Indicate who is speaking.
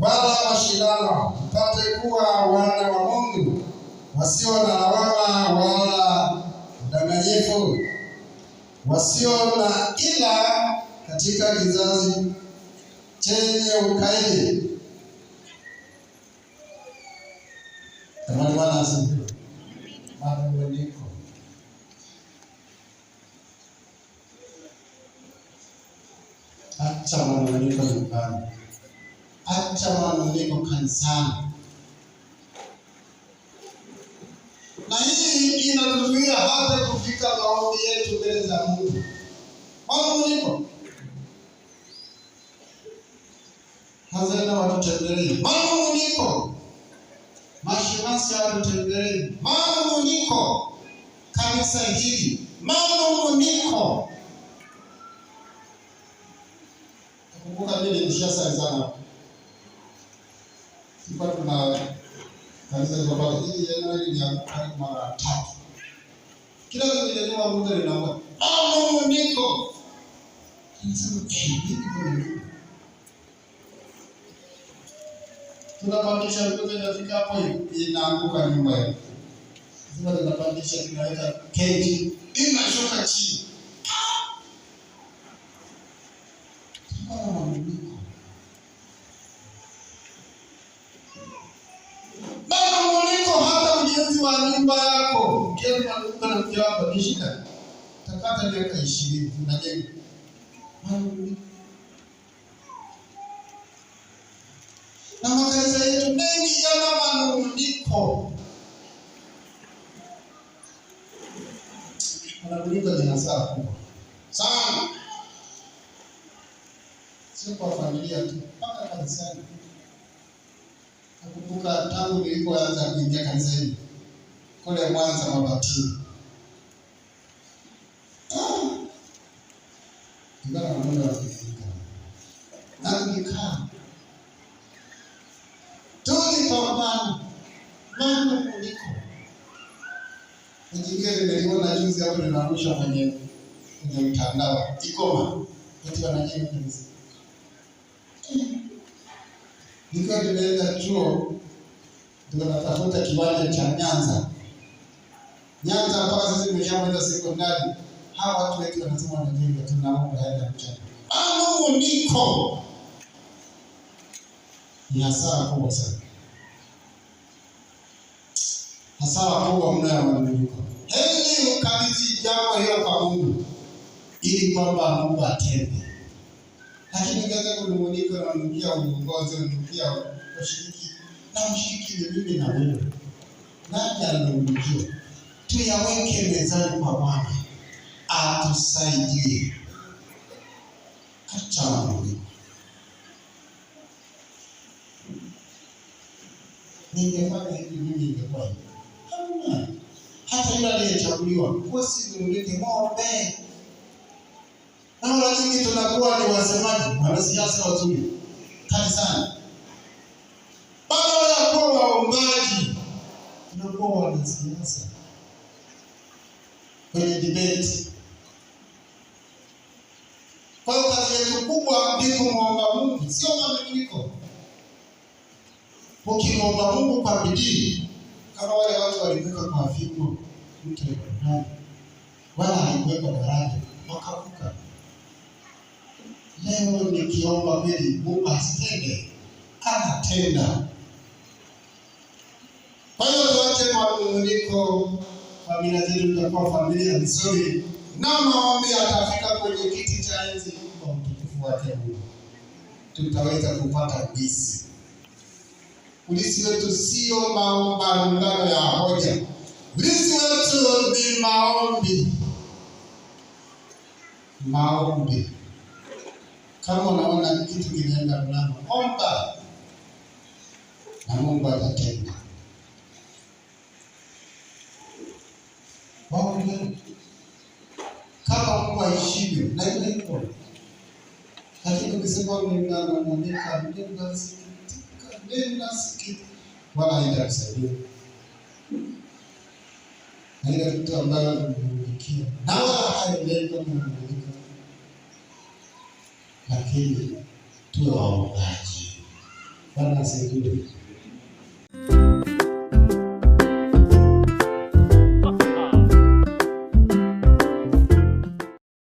Speaker 1: wala mashindano, mpate kuwa wana wa Mungu wasio na lawama wala udanganyifu, wasio na ila katika kizazi chenye ukaidi. acha mabadiliko nyumbani hata wanaleko kanisani, na hii inatuzuia hata kufika maombi yetu mbele za Mungu. Mwanamliko hazana watutembelee, mwanamliko mashemasi watutembelee, niko kanisa hili, mwanamliko kumbuka, mimi nimeshasali sana Tulikuwa tuna kanisa ambazo hii Januari ni mara tatu, kila kinyanyua mtu linaomba Mungu niko nasema tunapandisha mtoto inafika hapo inaanguka nyumba yetu, tunapandisha tunaweka keji inashuka chini mrithi wa nyumba yako. Mkeni na mke wako ni shida, takata miaka ishirini unajenga na makanisa yetu mengi yana manunguniko, manunguniko ni hasara kubwa sana, sio kwa familia tu, mpaka kanisani. Nakumbuka tangu nilipoanza kuingia kanisani kule Mwanza Mabatini. kuliko. nimeliona juzi hapo ninarusha kwenye kwenye mtandao. Ikoma. Eti wanajenga Nikiwa nimeenda chuo ndio natafuta kiwanja cha Nyanza Nyanza mpaka sisi tumeshaenda sekondari, hawa watu wetu wanasema wanajenga, tunaomba haya kuchana ama niko ni hasara kubwa sana, hasara kubwa mno ya mabadiliko. Heli ukabidhi jambo hilo kwa Mungu ili kwamba Mungu atende, lakini kaza kunung'unika, unanukia uongozi, unanukia washiriki na mshiriki ni mimi na wewe, nani ananung'unikiwa? tuyaweke mezani kwa Bwana atusaidie. Kachangu, ningefanya hivi mimi, ingekuwa Hata yule aliyechaguliwa usiulike ng'ombe nao, lakini tunakuwa ni wasemaji, wanasiasa wazuri kanisani badala ya kuwa waombaji tunakuwa wanasiasa kwenye debate. Kwa hiyo kazi yetu kubwa ni kumwomba Mungu, sio mabadiliko. Ukimwomba Mungu kwa bidii, kama wale watu waliweka kwa fimbo mtu Ibrahimu, wala aliwekwa daraja wakavuka. Leo nikiomba kweli, Mungu asitende, anatenda. Kwa hiyo tuache manunguniko familia zetu itakuwa familia nzuri, na maombi atafika kwenye kiti cha enzi kwa mtukufu wake Mungu. Tutaweza kupata bisi ulisi wetu sio malumbano ya hoja, ulisi wetu ni maombi. Maombi kama unaona kitu kinaenda mlango, omba na Mungu atatenda. hivyo haina hivyo, lakini ukisema ninalalamika, ninasikitika, ninasikitika, wala haenda kusaidia, haenda kitu ambayo anamhundikia na wala haendelei kumhundika. Lakini tuwe waombaji, Bwana asaidie.